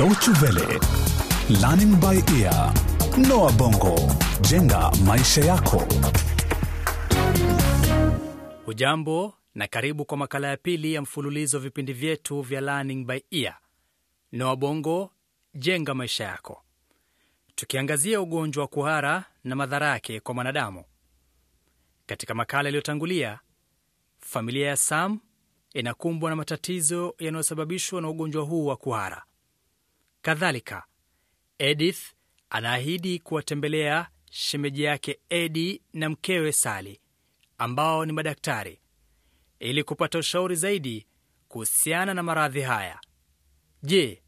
Deutsche Welle, Learning by Ear, Noah Bongo, jenga maisha yako. Ujambo na karibu kwa makala ya pili ya mfululizo wa vipindi vyetu vya Learning by Ear, Noah Bongo, jenga maisha yako, tukiangazia ugonjwa wa kuhara na madhara yake kwa mwanadamu. Katika makala iliyotangulia, familia ya Sam inakumbwa na matatizo yanayosababishwa na ugonjwa huu wa kuhara. Kadhalika, Edith anaahidi kuwatembelea shemeji yake Edi na mkewe sali ambao ni madaktari ili kupata ushauri zaidi kuhusiana na maradhi haya. Je,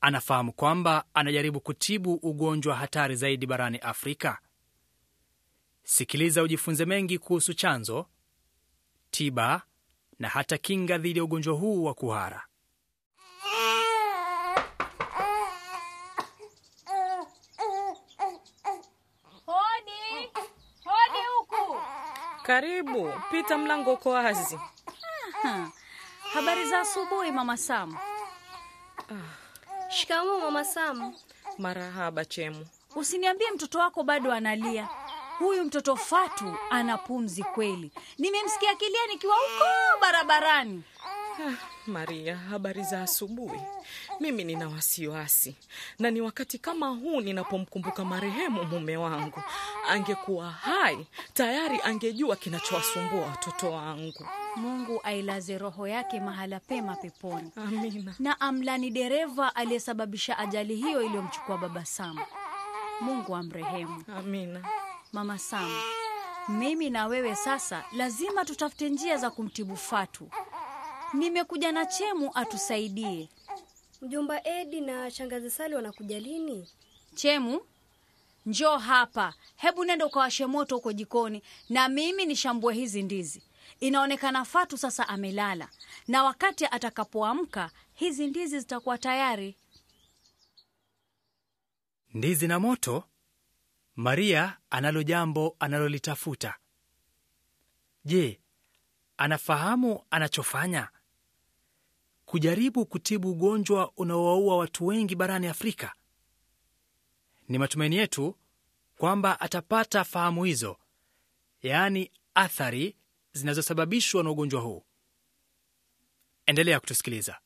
anafahamu kwamba anajaribu kutibu ugonjwa hatari zaidi barani Afrika? Sikiliza ujifunze mengi kuhusu chanzo, tiba na hata kinga dhidi ya ugonjwa huu wa kuhara. Karibu, pita, mlango uko wazi. Habari za asubuhi mama Sam. Ah. Shikamoo mama Sam. Marahaba Chemu. Usiniambie mtoto wako bado analia huyu mtoto Fatu ana pumzi kweli, nimemsikia akilia nikiwa huko barabarani. Ah, Maria, habari za asubuhi. Mimi nina wasiwasi na ni wakati kama huu ninapomkumbuka marehemu mume wangu. Angekuwa hai tayari angejua kinachowasumbua watoto wangu. Mungu ailaze roho yake mahala pema peponi, amina, na amlani dereva aliyesababisha ajali hiyo iliyomchukua baba sama Mungu amrehemu, amina. Mama Sam, mimi na wewe sasa lazima tutafute njia za kumtibu Fatu. Nimekuja na Chemu atusaidie. Mjomba Edi na shangazi Sali wanakuja lini? Chemu, njoo hapa. Hebu nenda ukawashe moto huko jikoni na mimi nishambue hizi ndizi. Inaonekana Fatu sasa amelala, na wakati atakapoamka hizi ndizi zitakuwa tayari. Ndizi na moto? Maria analo jambo analolitafuta. Je, anafahamu anachofanya? Kujaribu kutibu ugonjwa unaowaua watu wengi barani Afrika. Ni matumaini yetu kwamba atapata fahamu hizo, yaani athari zinazosababishwa na ugonjwa huu. Endelea kutusikiliza.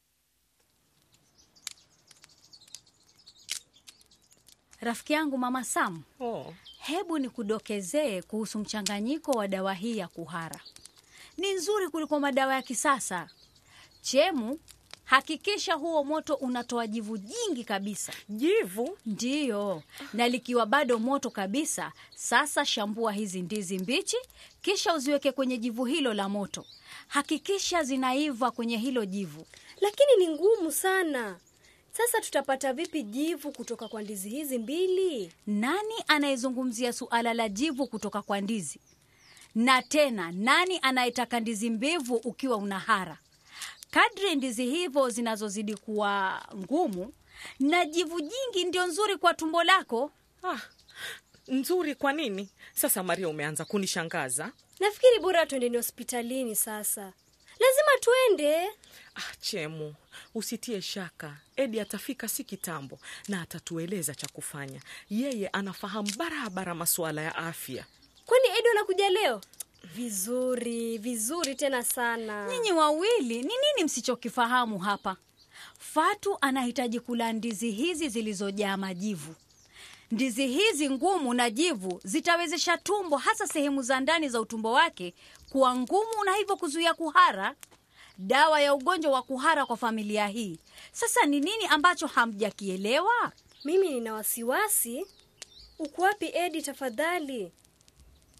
Rafiki yangu Mama Sam, oh, hebu nikudokezee kuhusu mchanganyiko wa dawa hii ya kuhara. Ni nzuri kuliko madawa ya kisasa. Chemu, hakikisha huo moto unatoa jivu jingi kabisa. Jivu ndiyo, na likiwa bado moto kabisa, sasa shambua hizi ndizi mbichi, kisha uziweke kwenye jivu hilo la moto. Hakikisha zinaiva kwenye hilo jivu. Lakini ni ngumu sana. Sasa tutapata vipi jivu kutoka kwa ndizi hizi mbili? Nani anayezungumzia suala la jivu kutoka kwa ndizi? Na tena nani anayetaka ndizi mbivu ukiwa una hara? Kadri ndizi hivyo zinazozidi kuwa ngumu na jivu jingi ndio nzuri kwa tumbo lako. Ah, nzuri kwa nini? Sasa Maria, umeanza kunishangaza. Nafikiri bora ni hospitalini sasa. Lazima tuende. Ah, Chemu, usitie shaka, Edi atafika si kitambo na atatueleza cha kufanya. Yeye anafahamu barabara masuala ya afya. Kwani Edi anakuja leo? Vizuri, vizuri tena sana. Nyinyi wawili ni nini msichokifahamu hapa? Fatu anahitaji kula ndizi hizi zilizojaa majivu. Ndizi hizi ngumu na jivu zitawezesha tumbo, hasa sehemu za ndani za utumbo wake, kuwa ngumu na hivyo kuzuia kuhara dawa ya ugonjwa wa kuhara kwa familia hii. Sasa ni nini ambacho hamjakielewa? Mimi nina wasiwasi. Uko wapi Edi tafadhali?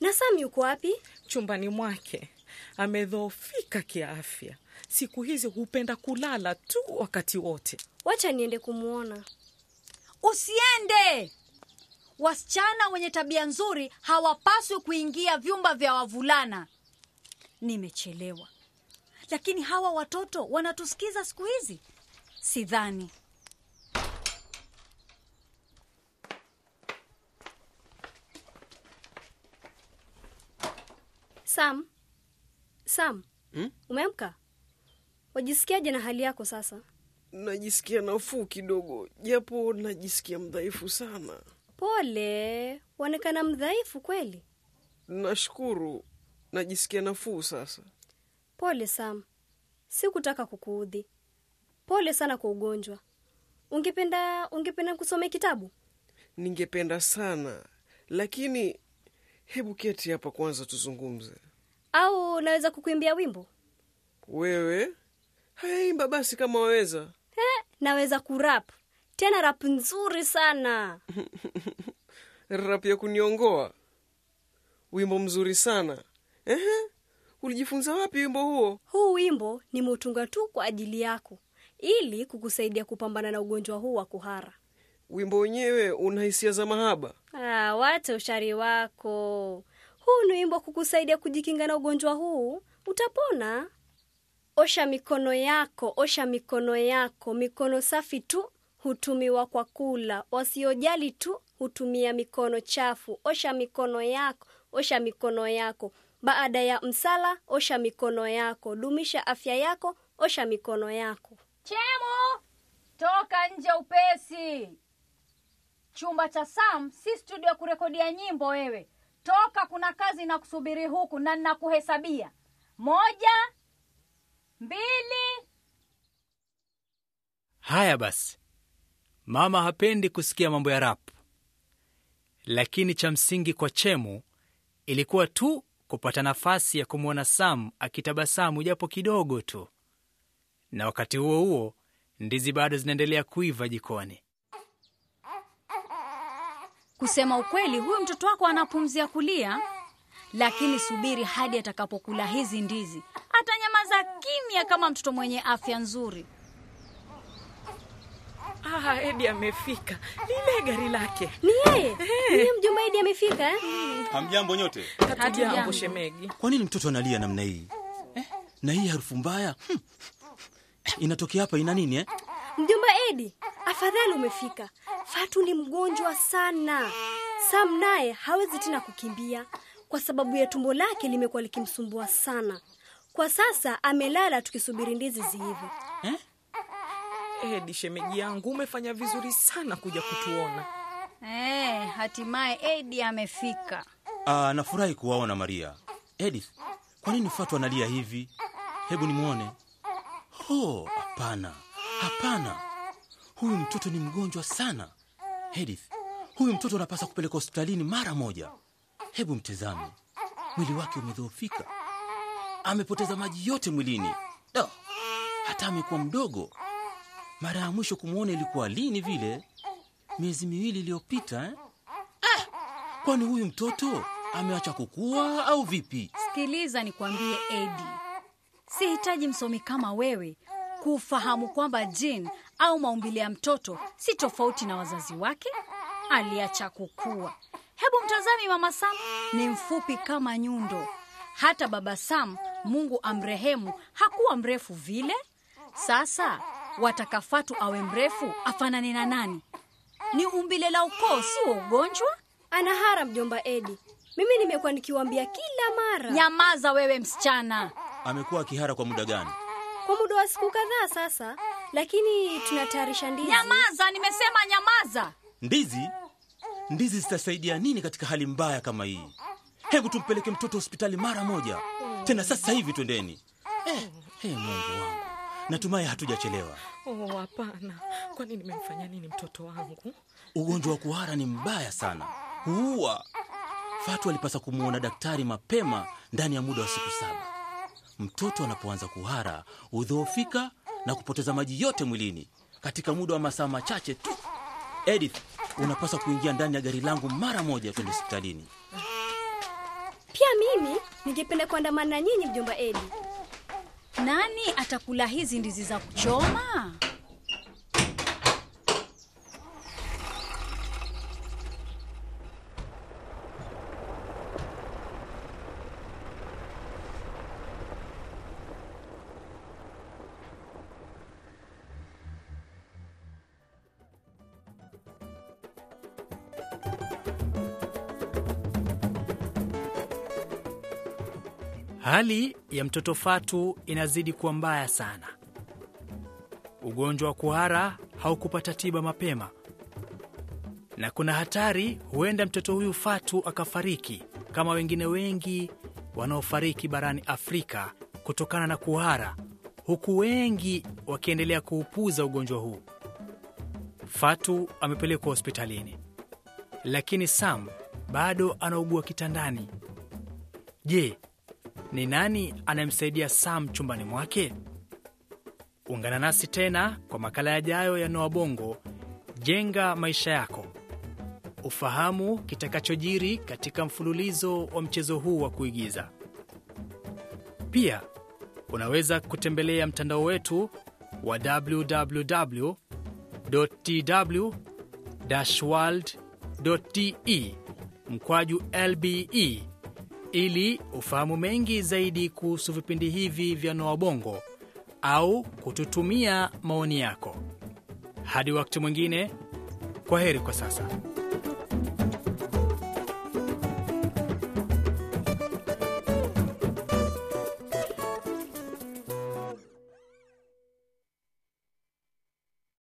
Na Sami uko wapi? Chumbani mwake, amedhoofika kiafya. Siku hizi hupenda kulala tu wakati wote. Wacha niende kumwona. Usiende! Wasichana wenye tabia nzuri hawapaswi kuingia vyumba vya wavulana. Nimechelewa lakini hawa watoto wanatusikiza siku hizi? Sidhani. Sam, Sam, hmm? Umeamka? Wajisikiaje na hali yako sasa? Najisikia nafuu kidogo, japo najisikia mdhaifu sana. Pole, waonekana mdhaifu kweli. Nashukuru, najisikia nafuu sasa. Pole Sam, sikutaka kukuudhi. Pole sana kwa ugonjwa. Ungependa ungependa kusome kitabu? Ningependa sana lakini, hebu keti hapa kwanza tuzungumze. Au naweza kukuimbia wimbo? Wewe haimba basi kama waweza. He, naweza kurap tena, rap nzuri sana rap ya kuniongoa, wimbo mzuri sana ehe. Ulijifunza wapi wimbo huo? Huu wimbo nimeutunga tu kwa ajili yako ili kukusaidia kupambana na ugonjwa huu wa kuhara. Wimbo wenyewe una hisia za mahaba? Ah, wate ushari wako. Huu ni wimbo kukusaidia kujikinga na ugonjwa huu, utapona. Osha mikono yako, osha mikono yako. Mikono safi tu hutumiwa kwa kula, wasiojali tu hutumia mikono chafu. Osha mikono yako, osha mikono yako. Baada ya msala, osha mikono yako. Dumisha afya yako, osha mikono yako. Chemo, toka nje upesi. Chumba cha Sam si studio ya kurekodia nyimbo. Wewe toka, kuna kazi na kusubiri huku, na ninakuhesabia moja, mbili. Haya basi, mama hapendi kusikia mambo ya rap, lakini cha msingi kwa Chemo ilikuwa tu kupata nafasi ya kumwona Sam akitabasamu japo kidogo tu, na wakati huo huo ndizi bado zinaendelea kuiva jikoni. Kusema ukweli, huyu mtoto wako anapumzia kulia, lakini subiri hadi atakapokula hizi ndizi, atanyamaza kimya kama mtoto mwenye afya nzuri. Ah, Edi amefika. Lile gari lake. Ni yeye. Ni mjomba Edi amefika. Eh? Hamjambo nyote? Hatujambo shemegi. Kwa nini mtoto analia namna hii? Eh? Na hii harufu mbaya. Hmm. Inatokea hapa ina nini eh? Mjomba Edi, afadhali umefika. Fatu ni mgonjwa sana. Sam naye hawezi tena kukimbia kwa sababu ya tumbo lake limekuwa likimsumbua sana. Kwa sasa amelala tukisubiri ndizi ziive. Eh? Edi shemeji yangu, umefanya vizuri sana kuja kutuona. Hey, eh, hatimaye Edi amefika. Ah, nafurahi kuwaona Maria. Edith, kwa nini Fatu analia hivi? Hebu nimwone. Oh, hapana, hapana, huyu mtoto ni mgonjwa sana. Edith, huyu mtoto anapasa kupeleka hospitalini mara moja. Hebu mtazame. mwili wake umedhoofika, amepoteza maji yote mwilini. Da, oh, hata amekuwa mdogo. Mara ya mwisho kumwona ilikuwa lini vile? Miezi miwili iliyopita eh? Ah! Kwani huyu mtoto ameacha kukua au vipi? Sikiliza nikwambie, Edi, sihitaji msomi kama wewe kufahamu kwamba jin au maumbile ya mtoto si tofauti na wazazi wake. Aliacha kukua. Hebu mtazami mama Sam ni mfupi kama nyundo. Hata baba Sam, Mungu amrehemu, hakuwa mrefu vile. Sasa wataka Fatu awe mrefu afanane na nani? Ni umbile la ukoo, si wa ugonjwa. ana hara mjomba Edi, mimi nimekuwa nikiwambia kila mara. Nyamaza wewe msichana. Amekuwa akihara kwa muda gani? Kwa muda wa siku kadhaa sasa, lakini tunatayarisha ndizi. Nyamaza, nimesema nyamaza. Ndizi? Ndizi zitasaidia nini katika hali mbaya kama hii? Hebu tumpeleke mtoto hospitali mara moja, tena sasa hivi. Twendeni. Eh, hey, eh, Mungu wangu natumaye hatujachelewa. Oh, hapana. Kwani nimemfanya nini mtoto wangu? Ugonjwa wa kuhara ni mbaya sana, huua. Fatu alipasa kumwona daktari mapema ndani ya muda wa siku saba. Mtoto anapoanza kuhara hudhoofika na kupoteza maji yote mwilini katika muda wa masaa machache tu. Edith, unapaswa kuingia ndani ya gari langu mara moja, twende hospitalini. Pia mimi ningependa kuandamana na nyinyi, mjomba Edi. Nani atakula hizi ndizi za kuchoma? Hali ya mtoto Fatu inazidi kuwa mbaya sana. Ugonjwa wa kuhara haukupata tiba mapema, na kuna hatari, huenda mtoto huyu Fatu akafariki kama wengine wengi wanaofariki barani Afrika kutokana na kuhara, huku wengi wakiendelea kuupuza ugonjwa huu. Fatu amepelekwa hospitalini, lakini Sam bado anaugua kitandani. Je, ni nani anayemsaidia Sam chumbani mwake? Ungana nasi tena kwa makala yajayo ya Noa Bongo, jenga maisha yako, ufahamu kitakachojiri katika mfululizo wa mchezo huu wa kuigiza. Pia unaweza kutembelea mtandao wetu wa www tw world de mkwaju lbe ili ufahamu mengi zaidi kuhusu vipindi hivi vya Noa Bongo au kututumia maoni yako. Hadi wakati mwingine, kwa heri kwa sasa.